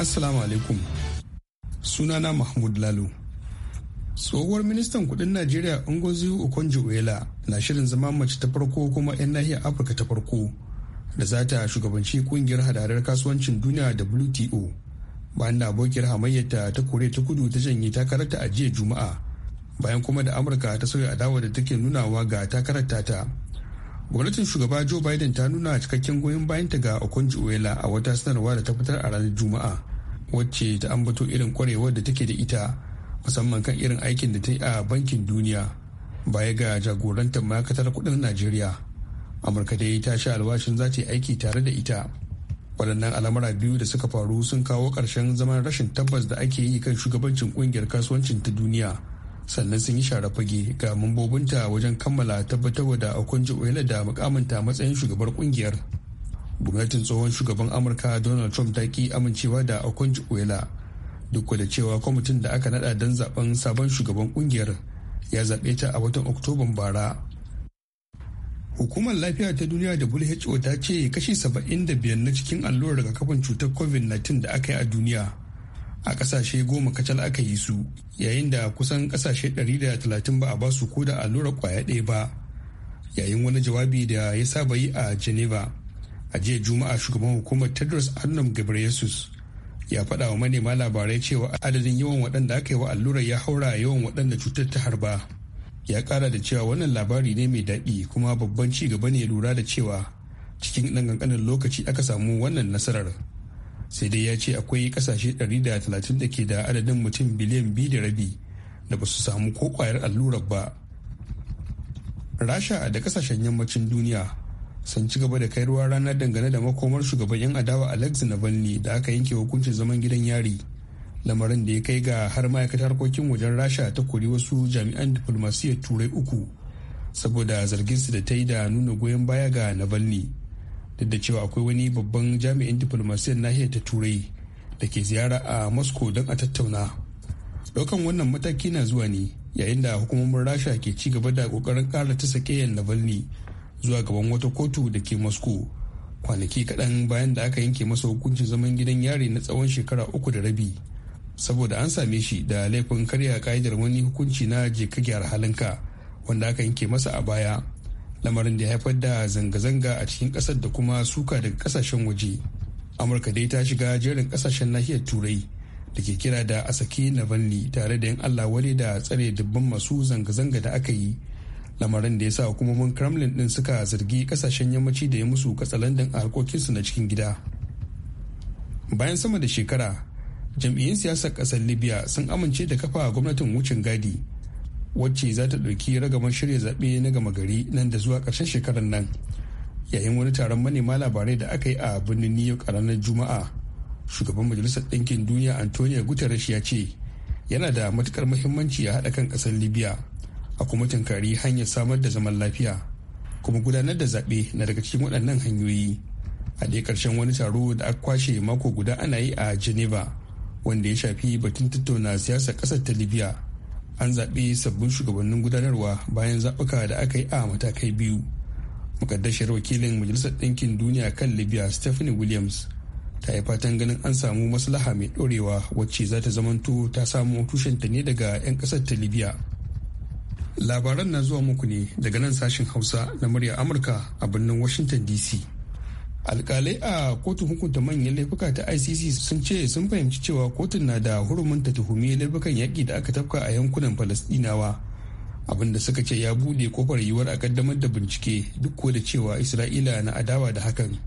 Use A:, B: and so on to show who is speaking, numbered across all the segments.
A: Assalamu alaikum. Sunana Mahmud Lalo. Tsohuwar ministan kudin Najeriya Ngozi Okonjo-Iweala na shirin zama mace ta farko kuma 'yan nahiyar Afirka ta farko da za ta shugabanci kungiyar hadarar kasuwancin duniya WTO. Bayan da abokiyar hamayyar ta kore ta kudu ta janye takararta a jiya Juma'a. Bayan kuma da Amurka ta sauya adawa da take nunawa ga takararta ta. Gwamnatin shugaba Joe Biden ta nuna cikakken goyon bayanta ga Okonjo-Iweala a wata sanarwa da ta fitar a ranar Juma'a. wacce ta ambato irin kwarewar da take da ita musamman kan irin aikin da ta yi a bankin duniya baya ga jagorantar ma'aikatar kudin najeriya amurka dai ta sha alwashin za ta yi aiki tare da ita waɗannan al'amura biyu da suka faru sun kawo ƙarshen zaman rashin tabbas da ake yi kan shugabancin ƙungiyar kasuwancin ta duniya sannan sun yi share fage ga mambobinta wajen kammala tabbatarwa da yana da mukamanta matsayin shugabar ƙungiyar gwamnatin tsohon shugaban amurka donald trump ta ki amincewa da okonjo uwela duk da cewa kwamitin da aka nada don zaben sabon shugaban kungiyar ya zaɓe ta a watan oktoban bara hukumar lafiya ta duniya da who ta ce kashi saba'in da biyar na cikin allurar rigakafin cutar covid-19 da aka yi a duniya a kasashe goma kacal aka yi su yayin da kusan kasashe 130 ba a basu ko da allurar kwaya ɗaya ba yayin wani jawabi da ya saba yi a geneva a jiya juma'a shugaban hukumar tedros adnum ghebreyesus ya faɗa wa manema labarai cewa adadin yawan waɗanda aka yi wa allurar ya haura yawan waɗanda cutar ta harba ya ƙara da cewa wannan labari ne mai daɗi kuma babban ci gaba ne lura da cewa cikin ɗan ƙanƙanin lokaci aka samu wannan nasarar sai dai ya ce akwai ƙasashe 130 da talatin ke da adadin mutum biliyan biyu da rabi da ba su samu ko ƙwayar allurar ba rasha da ƙasashen yammacin duniya sun ci gaba da kai ruwa ranar dangane da makomar shugaban 'yan adawa alex navalny da aka yanke hukuncin zaman gidan yari lamarin da ya kai ga har ma'aikatar harkokin wajen rasha ta kori wasu jami'an diplomasiyyar turai uku saboda zargin su da ta yi da nuna goyon baya ga navalny duk da cewa akwai wani babban jami'in diplomasiyyar nahiyar ta turai da ke ziyara a moscow don a tattauna ɗaukan wannan mataki na zuwa ne yayin da hukumomin rasha ke ci gaba da kokarin kara ta sakeyan navalny zuwa gaban wata kotu da ke moscow kwanaki kaɗan bayan da aka yanke masa hukuncin zaman gidan yari na tsawon shekara uku da rabi saboda an same shi da laifin karya ka'idar wani hukunci na jeka gyara halinka wanda aka yanke masa a baya lamarin da ya haifar da zanga-zanga a cikin ƙasar da kuma suka daga kasashen waje amurka dai ta shiga jerin ƙasashen nahiyar turai da ke kira da na navalny tare da yan allah wale da tsare dubban masu zanga-zanga da aka yi lamarin da ya sa hukumomin kremlin din suka zargi kasashen yammaci da ya musu katsalandin a harkokinsu na cikin gida bayan sama da shekara jam'iyyun siyasar kasar libya sun amince da kafa gwamnatin wucin gadi wacce za ta ɗauki ragamar shirya zaɓe na gama gari nan da zuwa ƙarshen shekarar nan yayin wani taron manema labarai da aka yi a birnin new york a ranar juma'a shugaban majalisar ɗinkin duniya antonio guterres ya ce yana da matukar muhimmanci a haɗa kan ƙasar libya a kuma tunkari hanyar samar da zaman lafiya kuma gudanar da zaɓe na daga cikin waɗannan hanyoyi a ɗaya ƙarshen wani taro da aka kwashe mako guda ana yi a geneva wanda ya shafi batun tattauna siyasar ƙasar ta libya an zaɓi sabbin shugabannin gudanarwa bayan zaɓuka da aka yi a matakai biyu mukaddashar wakilin majalisar ɗinkin duniya kan libya stephanie williams ta yi fatan ganin an samu maslaha mai ɗorewa wacce za ta zamanto ta samu tushenta ne daga 'yan ƙasar ta libya labaran na zuwa muku ne daga nan sashen hausa na murya amurka a birnin washington dc alkalai a kotun hukunta manyan laifuka ta icc sun ce sun fahimci cewa kotun na da hurumin tuhumi laifukan yaƙi da aka tafka a yankunan falasɗinawa abinda suka ce ya bude kofar yiwuwar a kaddamar da bincike duk ko da cewa isra'ila na adawa da hakan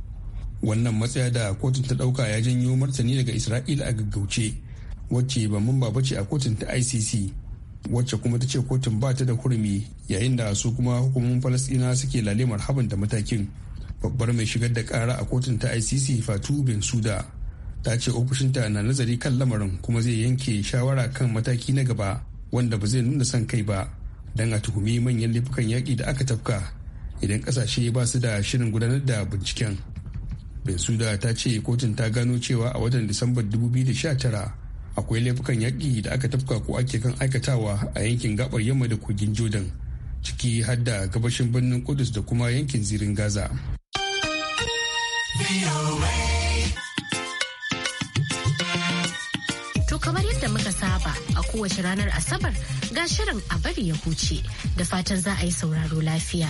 A: wannan matsaya da kotun ta ɗauka ya janyo martani daga isra'ila a gaggauce wacce ba mun ba ce a kotun ta icc wacce kuma ta ce kotun ba ta da hurumi yayin da su kuma hukumomin falasɗina suke lalemar haban da matakin babbar mai shigar da kara a kotun ta icc fatu bin suda ta ce ofishinta na nazari kan lamarin kuma zai yanke shawara kan mataki na gaba wanda ba zai nuna son kai ba don a tuhumi manyan laifukan yaƙi da aka tafka idan ƙasashe ba su da shirin gudanar da binciken bin suda ta ce kotun ta gano cewa a watan disambar 2019 akwai laifukan yaƙi da aka tafka ko ake kan aikatawa a yankin gabar yamma da kogin jordan ciki har da gabashin birnin kudus da kuma yankin zirin gaza
B: to kamar yadda muka saba a kowace ranar asabar ga shirin a bari ya huce da fatan za a yi sauraro lafiya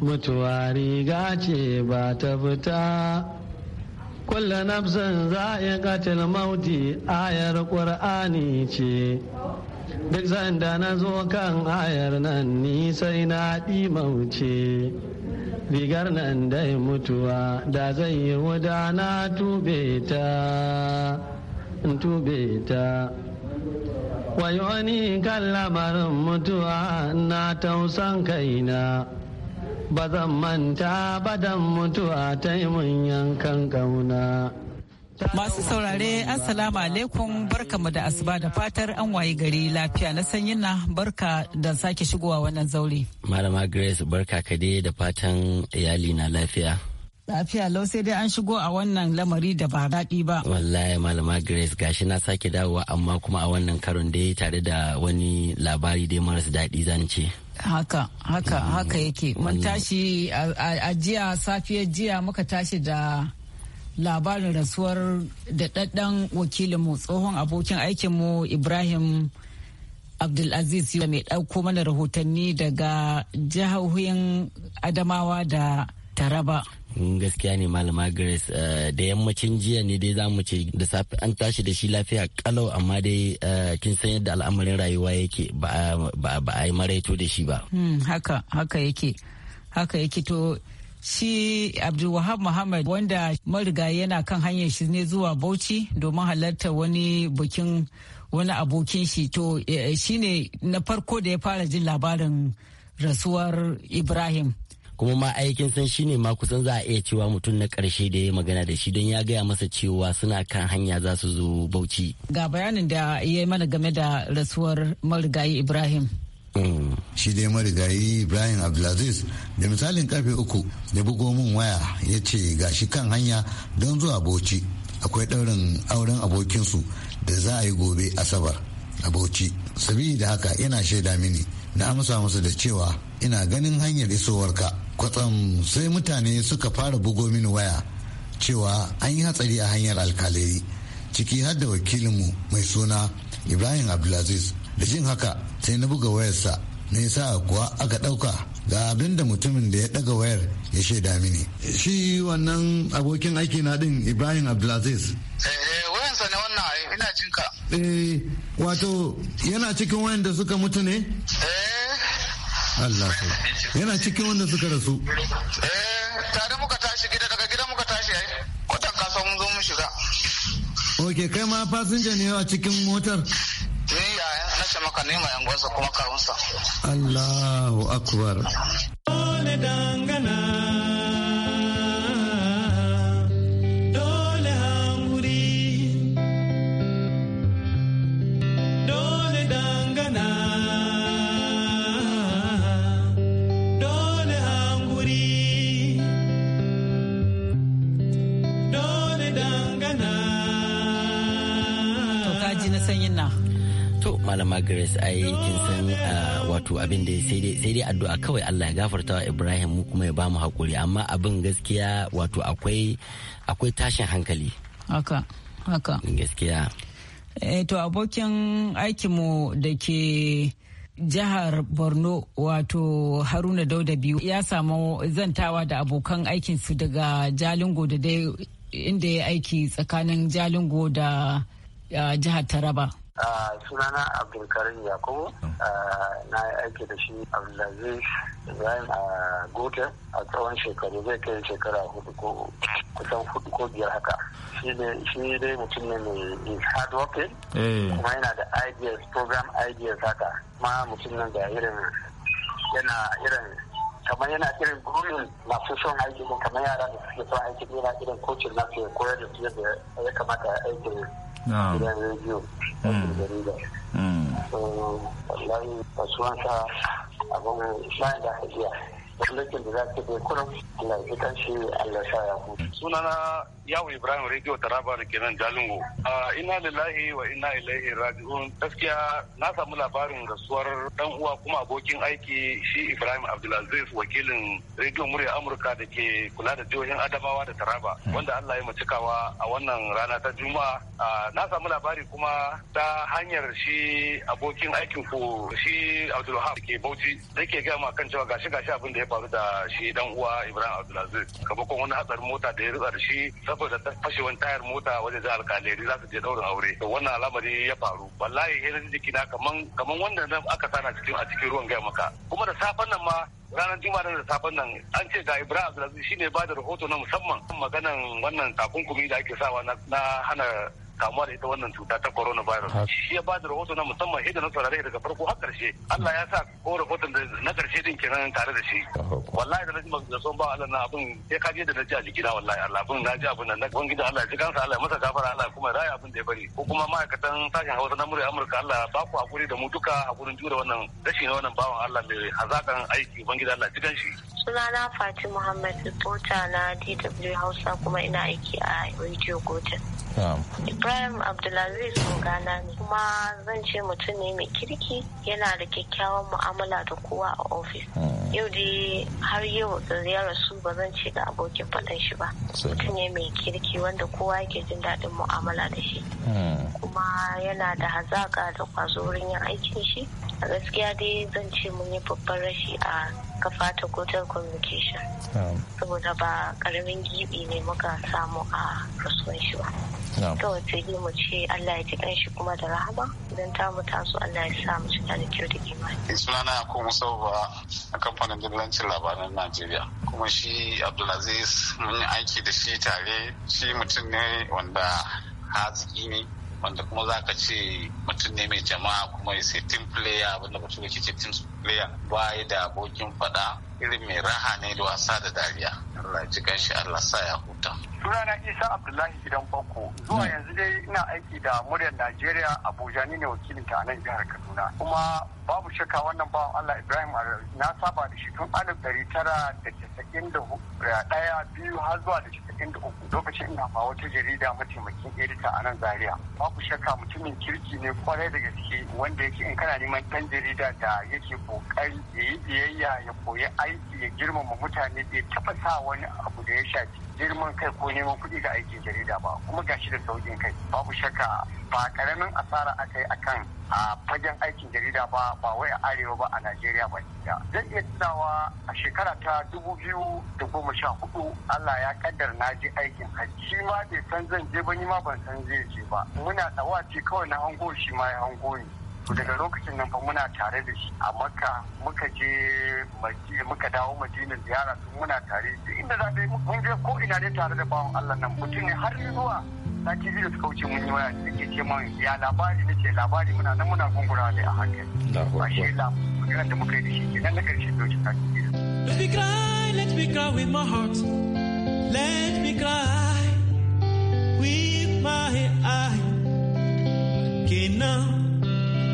C: mutuwa riga ce ba ta fita kulle nafsin za a katil mauti ayar ƙur'ani ce duk sanda na zo kan ayar nan ni sai na ɗi mauce rigar nan dai mutuwa da zai yi wuda na tube ta tube ta wani kan lamarin mutuwa na tausan kaina ba zan manta ba mutuwa ta yi mun yankan kauna.
D: Masu saurare Assalamu alaikum barka mu da asuba da fatar an wayi gari lafiya na sanyin na barka da sake shigowa wannan zaure.
C: Malama Grace barka ka dai da fatan iyali na lafiya.
D: Lafiya lau sai dai an shigo a wannan lamari da ba daɗi ba.
C: Wallahi Malama Grace gashi na sake dawowa amma kuma a wannan karon dai tare da wani labari dai maras daɗi zan ce.
D: haka haka haka yake mun mm. tashi a jiya safiyar jiya muka tashi da labarin rasuwar daɗaɗɗen wakilinmu tsohon abokin aikinmu ibrahim abdulaziz yau mai ɗauko mana rahotanni daga jihohin adamawa da taraba
C: gaskiya ne malama grace eh, da yammacin jiya ne dai zamu ce da safe an tashi da shi lafiya kalau amma dai eh, kin san yadda al'amarin rayuwa yake ba a yi maraito da shi ba
D: hmm, haka haka yake haka yake to shi abdulwahab muhammad wanda mariga yana kan hanyar shi ne zuwa bauchi domin halarta wani bukin wani abokin shi to eh, shi ne na farko da ya fara jin labarin rasuwar ibrahim
C: kuma ma aikin san shine ma kusan za a iya cewa mutum na karshe da ya magana da shi don ya gaya masa cewa suna kan hanya za su zo bauchi
D: ga bayanin da ya mana game da rasuwar marigayi ibrahim
E: mm. shi dai marigayi ibrahim abdulaziz da misalin karfe uku da bugo min waya ya ce ga shi kan hanya don zuwa bauchi akwai ɗaurin auren abokinsu da za a yi gobe asabar a bauchi sab'i da haka yana shaida mini na amsa masa da cewa ina ganin hanyar isowar ka kwatsam sai mutane suka fara bugo mini waya cewa an yi hatsari a hanyar alkalai ciki har da wakilinmu mai suna ibrahim abdulaziz da jin haka sai na buga wayarsa me yasa kuwa aka ɗauka ga abin da mutumin da ya ɗaga wayar ya shaida mini shi wannan abokin aiki na din ibrahim abdulaziz eh, wayansa ne wannan ina cinka. eh wato yana cikin wayan da suka mutu ne eh Allah yana cikin wanda suka rasu eh tare muka tashi gida daga gida muka tashi ai watan kasa mun zo mun shiga Okay kai ma fasinja ne a cikin motar ni ya
F: na ce maka ne ma yan kuma karunsa Allahu akbar
C: Margaret ai kin san ah, wato abin da sai dai addu'a kawai Allah ya gafarta wa Ibrahim mu kuma ya ba mu hakuri amma abin gaskiya wato akwai akwai tashin hankali.
D: Haka haka. Gaskiya. Eh to abokin aikinmu da ke jihar borno wato haruna dauda biyu ya samu zantawa da abokan aikinsu daga jalingo da dai inda ya aiki tsakanin jalingo da ah, jihar taraba
G: sunana abdulkarim yakubu na aiki da shi abdulaziz ibrahim a gote a tsawon shekaru zai kai shekara hudu ko kusan hudu ko biyar haka shi dai mutum ne mai is hard working eh. kuma yana da ideas program ideas haka ma mutum nan da irin yana irin kamar yana irin gurin
F: masu son aiki kamar yara da suke son aiki yana irin kocin nasu ya koyar da su yadda ya kamata aiki gidan rediyo da
G: jarida wallahi kasuwansa abin bayan da aka iya lokacin da za ka bai kurum Allah ya shi Allah ya sa ya hutu sunana yawon ibrahim
E: radio taraba da kenan jalingo ina lillahi wa ina ilaihi raji'un gaskiya na samu labarin rasuwar dan uwa kuma abokin aiki shi ibrahim abdulaziz wakilin radio murya amurka da ke kula da jihohin adamawa da taraba hmm. wanda allah ya cikawa a wannan rana ta juma'a na samu labari kuma ta hanyar shi abokin aikin ku shi da ke bauchi da ke gama kan cewa gashi gashi abin da ya faru da shi dan uwa ibrahim abdulaziz kabakon wani hatsarin mota da ya rutsa da shi saboda fashe wani tayar mota wajen jihar kaleri za su je daurin aure to wannan al'amari ya faru wallahi yanin jiki na kaman kaman wanda aka sana cikin a cikin ruwan gaya maka kuma da safen nan ma ranar juma'a da safen nan an ce ga ibrahim abdulaziz shine ba da rahoto na musamman maganan wannan takunkumi da ake sawa na hana kamuwa da ita wannan cuta ta virus shi ya bada rahoto na musamman hidda na saurari daga farko har karshe Allah ya sa ko rahoton da na karshe din kenan tare da shi wallahi da naji da son ba Allah na abin sai ka je da naji a jikina wallahi Allah abin naji abin nan na gida Allah ya ji kansa Allah ya masa gafara Allah kuma raya abin da ya bari ko kuma ma'aikatan sashen Hausa na murya Amurka Allah ba ku hakuri da mu duka hakurin jure wannan rashin wannan bawan Allah mai hazakan aiki gidan Allah ji shi
B: sunana Fati Muhammad reporter na DW Hausa kuma ina aiki a Radio Gotan Ibrahim Abdulaziz mugana ne kuma zan ce mutum ne mai kirki yana da kyakkyawan mu'amala da kowa a ofis. Hmm. Yau dai har yau ziyarar su ba zan ce da abokin faɗan shi ba. Mutum ne mai kirki wanda kowa yake jin daɗin mu'amala da shi. Hmm. Kuma yana da hazaƙa da kwazo wurin yin aikin shi. A gaskiya dai zan ce mun yi babban rashi a kafa ta gotar communication saboda ba karamin gibi ne muka samu a rasuwan shi ba kawai sai dai mu ce Allah ya ji shi kuma da rahama idan ta mu taso Allah ya sa mu cika da kyau da imani
G: eh, sunana ko musa ba a kamfanin dillancin labaran Najeriya kuma shi Abdulaziz mun yi aiki da shi tare shi mutum ne wanda haziki ne wanda kuma za ka ce mutum ne mai jama'a kuma ya sai team player abinda mutum ke ce team Najeriya ba da abokin faɗa irin mai raha ne da wasa da dariya. Allah ji shi Allah sa ya huta. Sunana Isa Abdullahi gidan Bako. Zuwa hmm. yanzu dai ina aiki da muryar Najeriya Abuja ni ne wakilin ta nan jihar Kaduna. Kuma babu shaka wannan bawan Allah Ibrahim na saba da shi tun alif dari tara da casa'in da ɗaya biyu har zuwa da casa'in da uku lokacin ina ba wata jarida mataimakin edita a nan Zaria. Babu shaka mutumin kirki ne kwarai da gaske wanda yake in kana neman ɗan jarida da yake ko kokari ya yi biyayya ya koyi aiki ya girmama mutane bai taɓa sa wani abu da ya shafi girman kai ko neman kuɗi ga aikin jarida ba kuma ga shi da sauƙin kai babu shakka ba karamin asara aka yi akan a fagen aikin jarida ba ba wai a arewa ba a najeriya ba da zan iya tunawa a shekara ta dubu biyu da goma sha hudu allah ya kaddar na je aikin hajji shi ma bai san zan je ba ni ma ban san zai je ba muna dawaci kawai na hango shi ma ya hango ni to daga lokacin nan fa muna tare da shi a makka muka je muka dawo madina ziyara tun muna tare da inda za mun je ko ina ne tare da bawan allah nan mutum ne har zuwa sati biyu da suka wuce mun yi waya da ke ce mun ya labari da ce labari muna nan muna gungura ne a hankali. Ashe labarin da muka yi da shi nan na karshe da wuce sati biyu. Let me
H: cry, let me cry with my heart. Let me cry with my eye. Kenan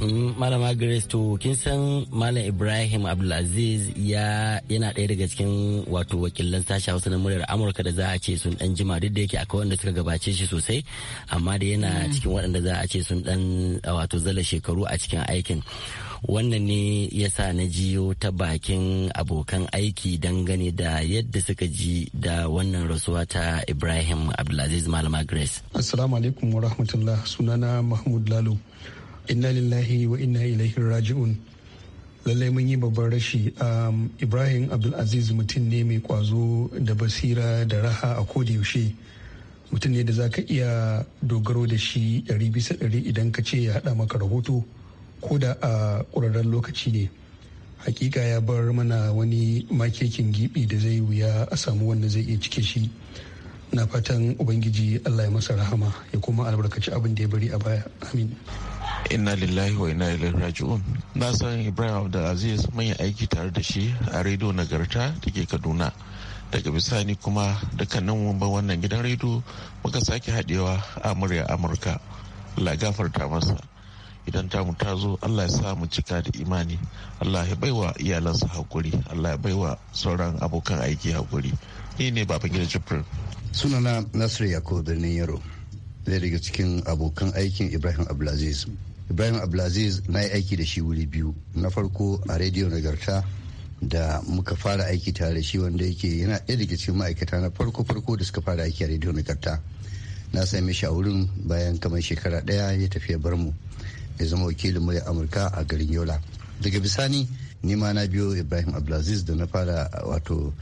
C: Mm, malama Grace to kin san Malam Ibrahim Abdulaziz ya yana ɗaya daga cikin wato wakilan sashen Hausa na muryar Amurka da za a ce sun dan jima duk da yake akwai wanda suka gabace shi sosai amma da yana mm. cikin waɗanda za a ce sun dan wato zala shekaru a cikin aikin. wannan ne ya sa na jiyo ta bakin abokan aiki dangane da yadda suka ji da wannan rasuwa ta ibrahim abdulaziz malama grace
A: assalamu alaikum wa rahmatullah sunana mahmud lalo inna lillahi wa inna ilaihi raji'un lallai mun yi babban rashi um, ibrahim abdulaziz mutum ne mai kwazo da basira da raha a koda yaushe mutum ne da za ka iya dogaro da shi ɗari bisa ɗari idan ka ce ya haɗa maka rahoto ko da a ƙurarren lokaci ne hakika ya bar mana wani makekin gibi da zai wuya a samu wanda zai iya cike shi na fatan ubangiji allah ya masa rahama ya kuma albarkaci abin da ya bari a baya amin inna lillahi wa inna ilaihi raji'un na san ibrahim abdulaziz mun yi aiki tare da shi a rediyo nagarta da ke kaduna daga bisani kuma dukkanin wamba wannan gidan rediyo muka sake haɗewa a murya
E: amurka allah ta masa idan ta mu ta zo allah ya sa mu cika da imani allah ya baiwa iyalansa hakuri allah ya baiwa sauran abokan aiki hakuri
G: ni ne baban gida jibrin sunana nasiru yakubu birnin yaro daya daga cikin abokan aikin ibrahim abdulaziz ibrahim abdulaziz na yi aiki da shi wuri biyu na farko a rediyo nagarta da muka fara aiki tare da shi wanda yake yana ɗaya daga cikin ma'aikata na farko farko da suka fara aiki a rediyo nagarta na same shi a wurin bayan kamar shekara ɗaya ya tafiya bar mu ya zama wakilin murya amurka a garin yola daga bisani ni ma na biyo ibrahim abdulaziz da na fara wato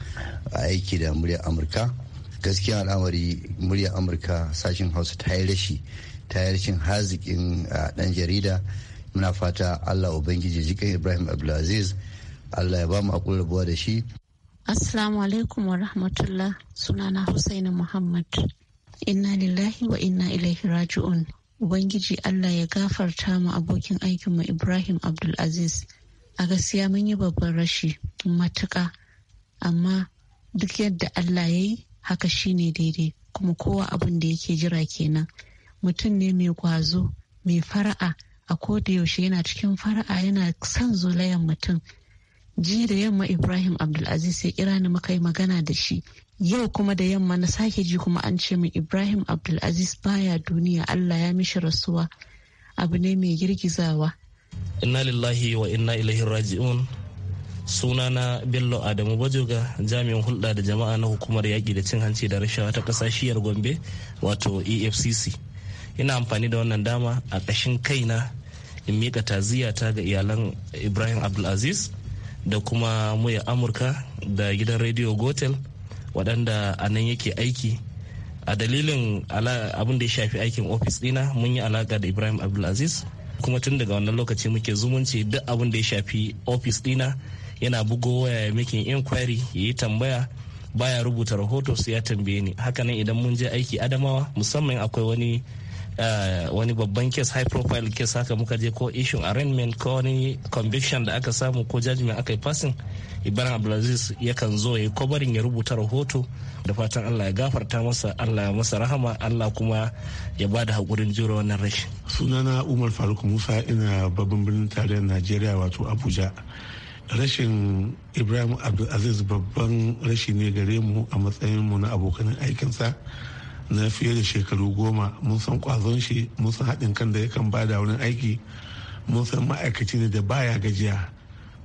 G: aiki da murya amurka gaskiya al'amari murya amurka sashen hausa ta yi rashi tayar cin hazikin dan jarida muna fata allah ubangiji jikin ibrahim abdulaziz allah ya ba mu rabuwa da shi
D: assalamu alaikum wa rahmatullah sunana husaini muhammad inna lillahi wa inna ilaihi raji'un ubangiji allah ya gafarta mu abokin aikinmu ibrahim abdulaziz a gaskiya mun yi babban rashi matuka amma duk yadda allah ya yi haka shine daidai kuma kowa abin da yake jira kenan mutum ne mai gwazo mai fara'a a koda yaushe yana cikin fara'a yana son zolayan mutum jiya da yamma ibrahim abdulaziz sai kira ni muka yi magana da shi yau kuma da yamma na sake ji kuma an ce min ibrahim abdulaziz baya duniya
B: allah ya mishi rasuwa abu ne mai girgizawa
F: inna lillahi wa inna ilaihi raji'un suna na bello adamu bajoga jami'in hulɗa da jama'a na hukumar yaƙi da cin hanci da rashawa ta ƙasashiyar gombe wato efcc ina amfani da wannan dama a ƙashin kaina in miƙa taziyata ga iyalan ibrahim abdulaziz da kuma muya amurka da gidan rediyo gotel waɗanda a nan yake aiki a dalilin abin da ya shafi aikin ofis dina mun yi alaƙa da ibrahim abdulaziz kuma tun daga wannan lokaci muke zumunci duk abin da ya shafi ofis dina yana bugo waya ya making inquiry ya yi tambaya baya rubuta rahoto su ya tambaye ni hakanan idan mun je aiki adamawa musamman akwai wani Eh, wani babban case high profile case haka muka je ko issue arraignment ko wani conviction da aka samu ko judgment aka yi passing ibrahim abdulaziz yakan zo ya yi kwabarin ya rubuta rahoto da fatan allah ya gafarta masa allah ya masa rahama allah kuma ya ba da haƙurin jure wannan rashi
E: sunana umar faruk musa ina babban birnin tarayyar najeriya wato abuja rashin ibrahim abdulaziz babban rashi ne gare mu a matsayin mu na abokan aikinsa na fiye da shekaru goma mun san kwazon shi mun san haɗin kan da yakan da wurin aiki mun san ma'aikaci ne da baya gajiya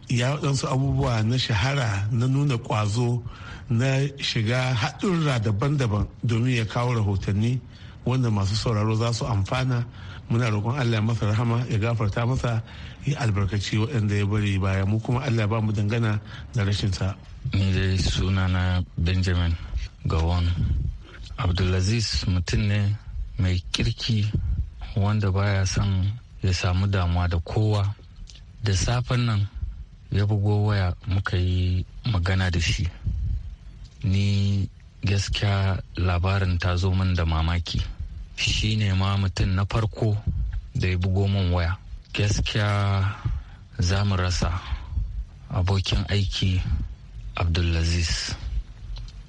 E: ya waɗansu abubuwa na shahara na nuna kwazo na shiga haɗurra daban-daban domin ya kawo rahotanni wanda masu sauraro za su amfana muna roƙon allah ya masa rahama ya gafarta masa ya albarkaci waɗanda ya
F: bari baya mu kuma allah ba mu dangana da rashinsa ni dai sunana benjamin gawon abdulaziz mutum ne mai kirki wanda baya son ya samu damuwa da kowa da safen nan ya bugo waya muka yi magana da shi ni gaskiya labarin ta zo min da mamaki shi ne ma mutum na farko da ya bugo min waya gaskiya za mu rasa abokin aiki abdulaziz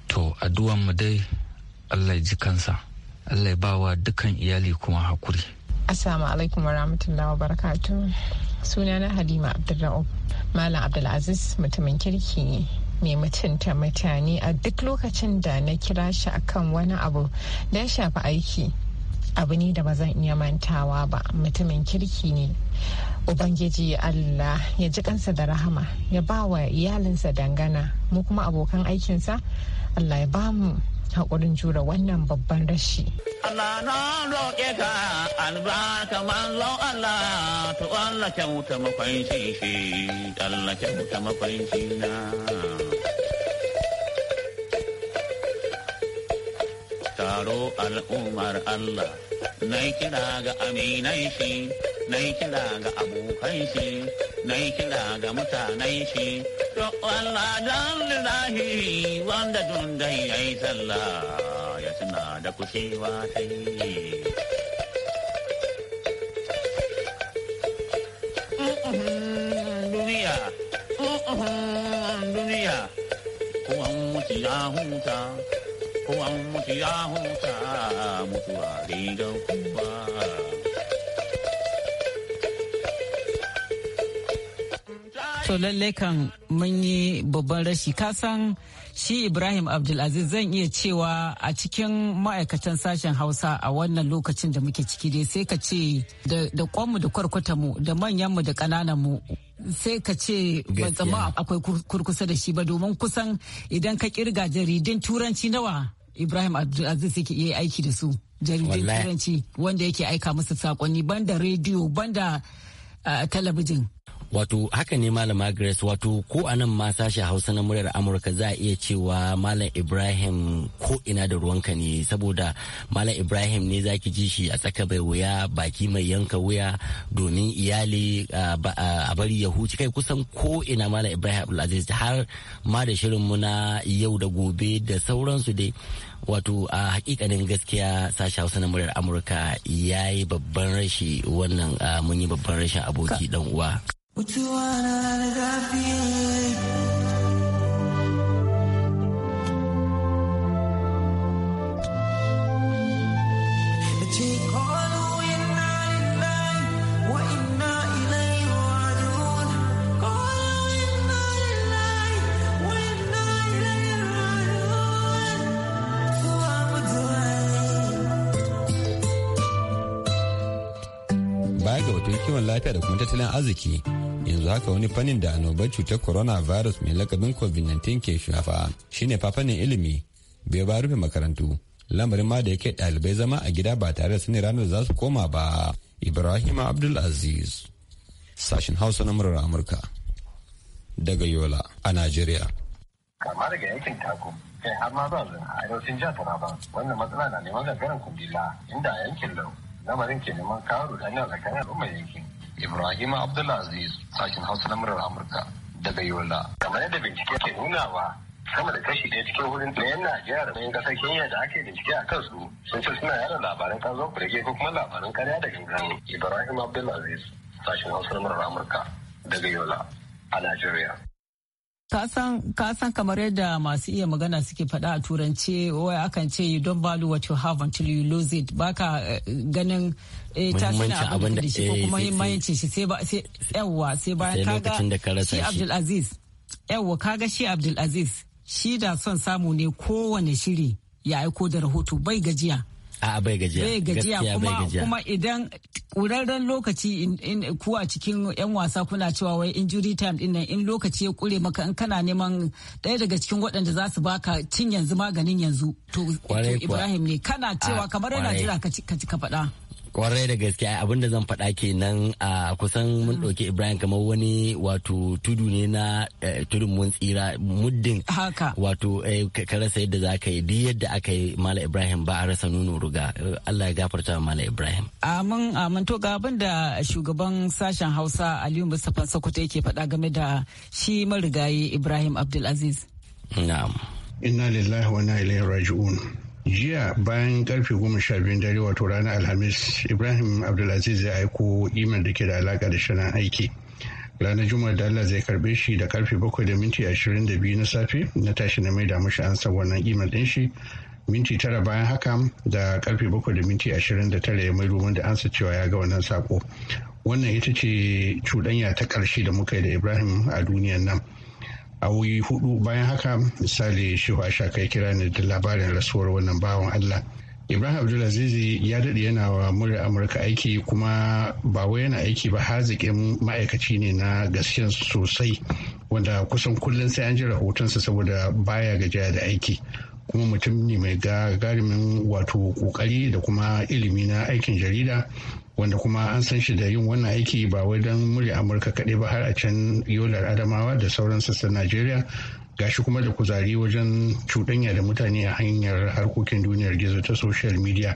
F: to mu dai allah ji kansa allah ya bawa dukkan iyali kuma hakuri
D: assalamu alaikum wa rahmatullahi wa barakatu sunana halima abdulra'ub malam abdulaziz mutumin kirki ne mai mutunta mutane a duk lokacin da na kira shi akan wani abu da ya shafi aiki abu ne da ba zan iya mantawa ba mutumin kirki ne ubangiji allah ya ji kansa da rahama ya bawa iyalinsa dangana mu kuma abokan aikinsa allah ya ba mu haƙurin jure wannan babban rashi.
F: Allah na roƙe ka albarka manzon Allah to Allah kyauta makwanci Taro al'ummar Allah na kira ga aminai shi na kira ga abokan shi na kira ga mutanen shi To Allah dan lillahi wanda tun dai ya yi sallah ya tuna da kushewa ta yi. Duniya, duniya, kuma mutu ya huta, kuma mutu ya huta, mutuwa rigar kuma.
D: to lallai kan mun yi babban rashi kasan shi ibrahim abdulaziz zan iya cewa a cikin ma'aikatan sashen hausa a wannan lokacin da muke ciki dai sai ka ce da kwanmu da kwarkwata mu da manyanmu da mu sai ka ce ban zama akwai kurkusa da shi ba domin kusan idan ka kirga jaridun turanci nawa ibrahim abdulaziz yake iya aiki da su jaridun turanci wanda yake aika musu sakonni banda rediyo banda ah, talabijin
E: wato haka
C: ne malam grace wato ko a nan ma sashi hausa na muryar amurka za a iya cewa malam ibrahim ko ina da ruwanka ne saboda malam ibrahim ne za ki ji shi a tsaka bai wuya baki mai yanka wuya domin iyali a bari ya huci kai kusan ko ina malam ibrahim abdulaziz har ma da shirin na yau da gobe da sauransu dai wato a hakikanin gaskiya sashi hausa na muryar amurka ya yi babban rashi wannan mun yi babban rashin aboki dan uwa
B: But you are
A: baya ga batun kiwon lafiya da kuma tattalin arziki yanzu haka wani fannin da annobar cutar corona virus mai lakabin covid-19 ke shafa shine fafanin ilimi bai ba rufe makarantu lamarin ma da yake ɗalibai zama a gida ba tare da sani ranar za su koma ba ibrahim abdulaziz sashen hausa na murar amurka daga yola a najeriya
G: kama daga yankin taku kai har ma ba zan a jihar taraba wannan matsala na neman gagarin kundila inda a yankin lau lamarin ke neman kawo rudani a tsakanin al'ummar yankin Ibrahim Abdulaziz sashen Hausa na murar Amurka daga Yola. Kamar yadda bincike ke nunawa sama da kashi ɗaya cikin wurin yan Najeriya da ƙasar Kenya da ake bincike a kan su sun ce suna yada labaran ƙazon kurege ko kuma labaran karya da gangan Ibrahim Abdulaziz sashen Hausa na murar Amurka daga Yola
B: a Najeriya.
D: ka san kamar yadda masu iya magana suke faɗa a turance wai akan ce you don't value what you have until you lose it baka eh, ganin eh, tasirin abin da shi ko eh, kuma mahimmanci shi sai ba sai yawwa sai bayan kaga shi Abdul Aziz yawwa kaga shi Abdul Aziz shi da son samu ne kowane shiri ya aiko da rahoto bai gajiya
C: a bai gajiya bai gajiya kuma
D: idan ƙurarren lokaci in ku cikin yan wasa kuna cewa wai injury time din nan in lokaci ya kure maka in kana neman ɗaya daga cikin waɗanda za su baka cin yanzu maganin yanzu to Ibrahim ne kana cewa kamar yana jira ka ka faɗa
C: kwarai da gaske abin da zan faɗa kenan a kusan mun ɗauki ibrahim kamar wani wato tudu ne na eh, tudun mun tsira muddin wato eh, ka rasa yadda za ka yi duk yadda aka yi mala ibrahim ba a rasa nuno ruga allah ya gafarta wa mala ibrahim
D: amin amin to ga abin da shugaban sashen hausa aliyu mustapha sokoto yake faɗa game da shi marigayi ibrahim abdulaziz
I: na'am inna lillahi wa inna ilaihi raji'un jiya bayan karfe goma sha biyun dare wato ranar alhamis ibrahim abdulaziz ya aiko imel da ke da alaka da shirin aiki ranar juma'a da allah zai karbe shi da karfe bakwai da minti ashirin da biyu na safe na tashi na mai da mashi ansa wannan imel din shi minti tara bayan haka da karfe bakwai da minti ashirin da tara ya mai rumun da ansa cewa ya ga wannan sako wannan ita ce cuɗanya ta ƙarshe da muka yi da ibrahim a duniyan nan a wuyi hudu bayan haka misali shehu ashaka kai kira ni da labarin rasuwar wannan bawan allah ibrahim abdulazizi ya daɗe yana wa murya amurka aiki kuma ba wai yana aiki ba haziƙin ma'aikaci ne na gaske sosai wanda kusan kullum sai an ji rahotonsa saboda baya gajiya da aiki kuma mutum ne mai gagarumin wato kokari da kuma ilimi na aikin jarida wanda kuma an san shi da yin wannan aiki ba wai don murya amurka kaɗai ba har a can yolar adamawa da sauran sassan najeriya gashi kuma da kuzari wajen cuɗanya da mutane a hanyar harkokin duniyar gizo ta social media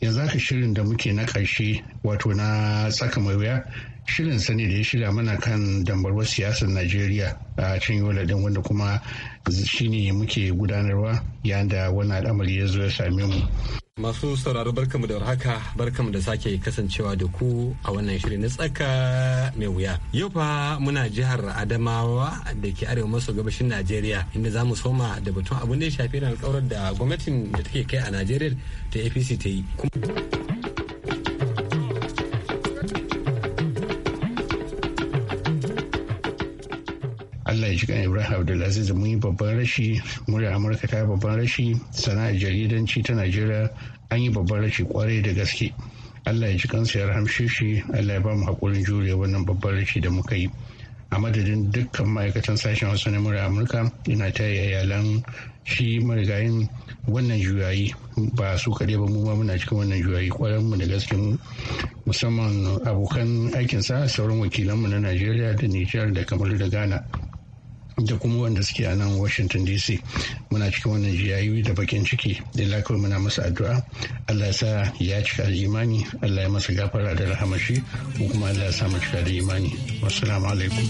I: yanzu haka shirin da muke na ƙarshe wato na tsaka mai wuya shirin sani da ya shirya mana kan dambarwar siyasar najeriya a can yola din wanda kuma shine muke gudanarwa
A: yayin da wannan al'amari ya zo ya same mu Masu sauraro barkamu da warhaka barkamu da sake kasancewa da ku a wannan shiri na tsaka mai wuya. Yau fa muna jihar Adamawa da ke arewa maso gabashin Najeriya inda za mu soma da batun abin da ya shafi alkawar da gwamnatin da take kai a Najeriya ta APC ta yi.
I: jikan ibrahim abdulaziz mun yi babban rashi murya amurka ta babban rashi sana'ar jaridanci ta najeriya an yi babban rashi kwarai da gaske allah ya ji kansa ya rahamshe shi allah ya ba mu haƙurin jure wannan babban rashi da muka yi a madadin dukkan ma'aikatan sashen wasu na murya amurka ina ta iyalan shi marigayin wannan juyayi ba su kaɗai ba mu ma muna cikin wannan juyayi kwaran mu da gaske mu musamman abokan aikinsa sauran wakilanmu na najeriya da nijar da kamar da ghana da kuma wanda suke a nan washington dc muna cikin wannan jiyayi da bakin ciki da kawai muna masa addu'a allah sa ya cika da imani allah ya masa gafara da rahamashi ko kuma allah ya sa mu cika da imani wasu alaikum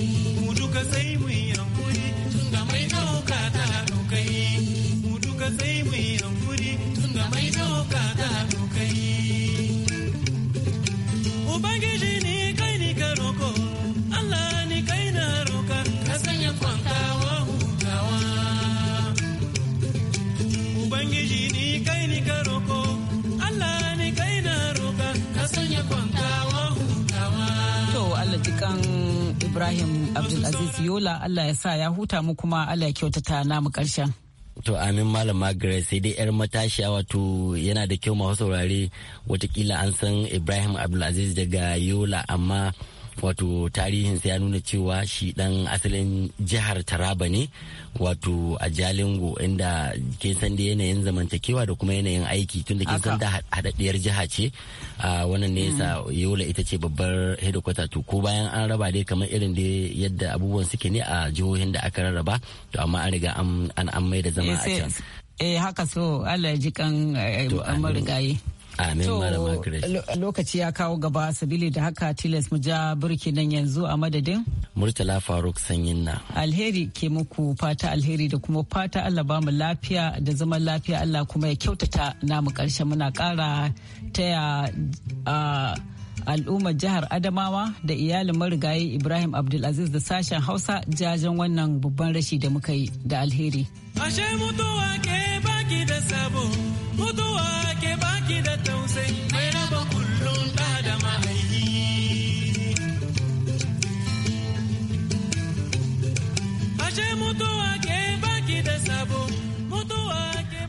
D: Allah ya sa ya huta mu kuma Allah ya kyautata namu karshen.
C: To amin malam Grace sai dai yar matashiya wato yana da kyau masu saurare watakila an san Ibrahim Abdulaziz daga Yola amma wato tarihinsa ya nuna cewa shi dan asalin jihar taraba ne wato a jalingo inda ke san da yanayin zamantakewa da kuma yanayin aiki tunda ke san da hadaddiyar jiha ce a wannan ne yasa mm-hmm. yola ita ce babbar hedikwata to ko bayan an raba dai kamar irin da yadda abubuwan suke ne a jihohin da aka rarraba to amma an riga an an mai da zama a eh, can
D: eh haka so Allah ya ji kan eh, marigayi
C: Amin malama
D: Lokaci ya kawo gaba sabili da haka tilas mu ja burki nan yanzu a madadin.
C: Murtala Faruk Sanyin na.
D: Alheri ke muku fata alheri da kuma fata Allah ba mu lafiya da zaman lafiya Allah kuma ya kyautata na mu karshe muna kara taya al'ummar jihar Adamawa da iyalin marigayi Ibrahim Abdulaziz da sashen Hausa jajen wannan babban rashi da muka yi da alheri.
H: Ashe mutuwa ke ba baki da sabo mutuwa ke baki da tausayi mai raba kullum da da mahaifi ashe mutuwa ke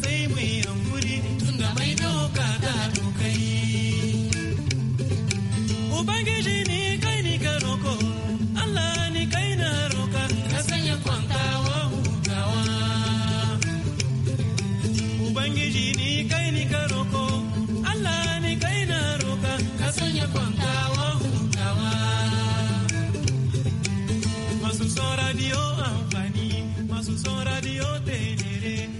H: sai mu yi hankuri tunda mai doka ta dokai ubangiji ne